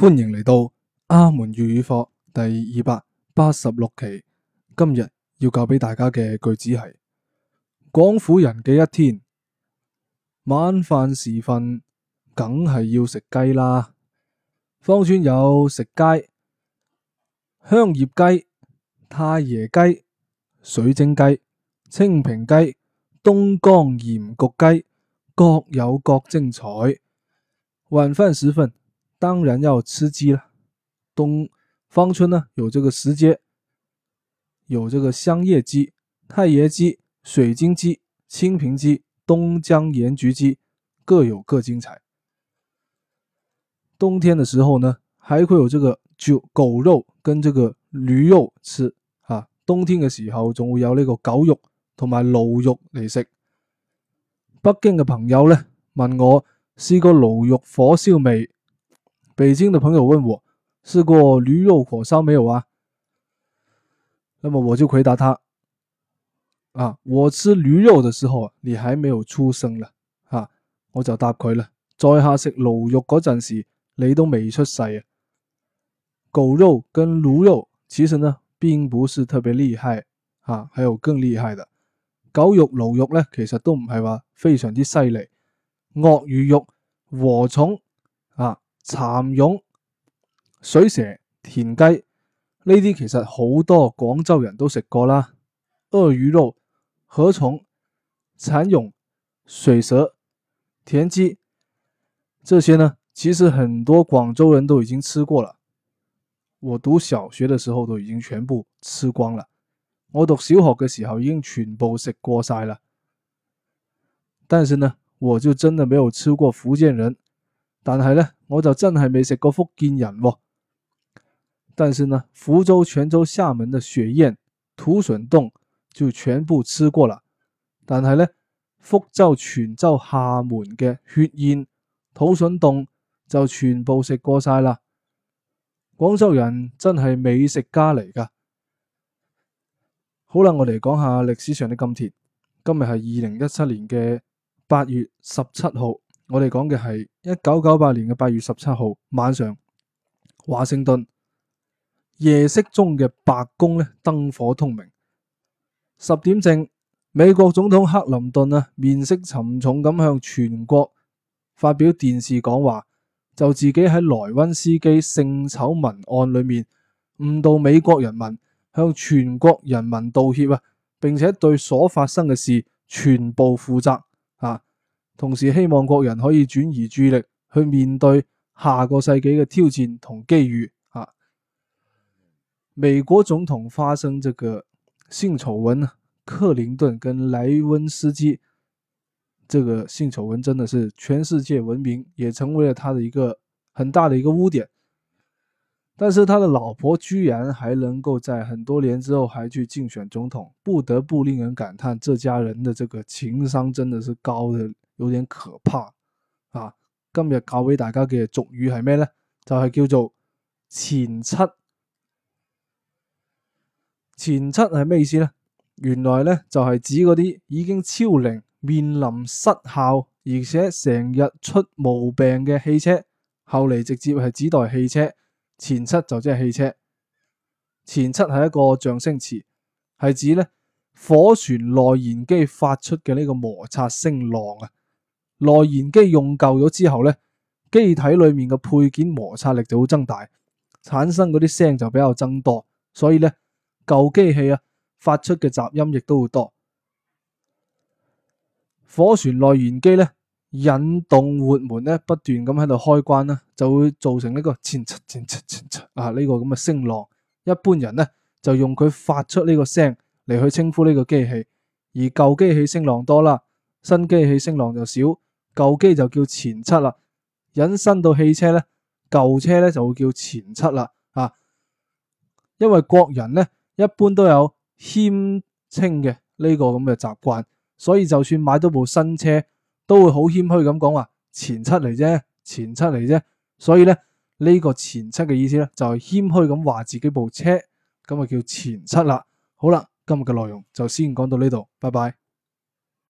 歡迎嚟到阿門粵語課第二百八十六期。今日要教俾大家嘅句子係：廣府人嘅一天，晚飯時分，梗係要食雞啦。芳村有食街，香葉雞、太爺雞、水晶雞、清平雞、東江鹽焗雞，各有各精彩。晚飯時分。當然要吃雞啦，東芳村呢有這個食街，有這個香葉雞、太爺雞、水晶雞、清平雞、東江鹽焗雞，各有各精彩。冬天的時候呢，還會有這個狗狗肉跟這個驢肉吃啊。冬天嘅時候，仲會有呢個狗肉同埋驢肉嚟食。北京嘅朋友呢，問我試過驢肉火燒未？北京的朋友問我試過驢肉火燒沒有啊？那麼我就回答他：啊，我吃驢肉的時候，你還沒有出生啦！啊，我就答佢啦，在下食驢肉嗰陣時，你都未出世啊。狗肉跟驢肉其實呢，並不是特別厲害啊，還有更厲害的狗肉、驢肉呢，其實都唔係話非常之犀利。鱷魚肉、禾蟲。蠶蛹、水蛇、田雞呢啲其實好多廣州人都食過啦，鱷魚肉、禾蟲、蠶蛹、水蛇、田雞這些呢，其實很多廣州人都已經吃過了。我讀小學的時候都已經全部吃光了，我讀小學嘅時候已經全部食過晒啦。但是呢，我就真的沒有吃過福建人。但係咧，我就真係未食過福建人喎、哦。但是呢，福州、泉州、廈門的血燕、土笋凍就全部吃過啦。但係咧，福州、泉州、廈門嘅血燕、土笋凍就全部食過晒啦。廣州人真係美食家嚟噶。好啦，我哋講下歷史上的今天。今日係二零一七年嘅八月十七號。我哋講嘅係一九九八年嘅八月十七號晚上，華盛頓夜色中嘅白宮呢，燈火通明。十點正，美國總統克林頓啊，面色沉重咁向全國發表電視講話，就自己喺萊溫斯基性醜聞案裏面誤導美國人民，向全國人民道歉啊，並且對所發生嘅事全部負責。同時希望國人可以轉移注意力去面對下個世紀嘅挑戰同機遇。啊，美國總統發生這個性醜聞，克林頓跟萊温斯基這個性醜聞真的是全世界聞名，也成為了他的一個很大的一個污點。但是他的老婆居然還能夠在很多年之後還去競選總統，不得不令人感嘆這家人的這個情商真的是高嘅。有點可怕啊！今日教俾大家嘅俗語係咩呢？就係叫做錢七。錢七係咩意思呢？原來呢就係指嗰啲已經超齡、面臨失效而且成日出毛病嘅汽車。後嚟直接係指代汽車，錢七就即係汽車。錢七係一個象聲詞，係指呢火船內燃機發出嘅呢個摩擦聲浪啊！內燃機用舊咗之後咧，機體裏面嘅配件摩擦力就會增大，產生嗰啲聲就比較增多，所以咧舊機器啊發出嘅雜音亦都會多。火船內燃機咧，引動活門咧不斷咁喺度開關啦，就會造成呢個，啊呢個咁嘅聲浪。一般人咧就用佢發出呢個聲嚟,去稱呼呢個機器，而舊機器聲浪多啦，新機器聲浪就少。舊機就叫錢七啦，引申到汽車咧，舊車咧就會叫錢七啦，啊，因為國人咧一般都有謙稱嘅呢個咁嘅習慣，所以就算買到部新車，都會好謙虛咁講話錢七嚟啫，錢七嚟啫，所以咧呢個錢七嘅意思咧就係謙虛咁話自己部車，咁啊叫錢七啦。好啦，今日嘅內容就先講到呢度，拜拜。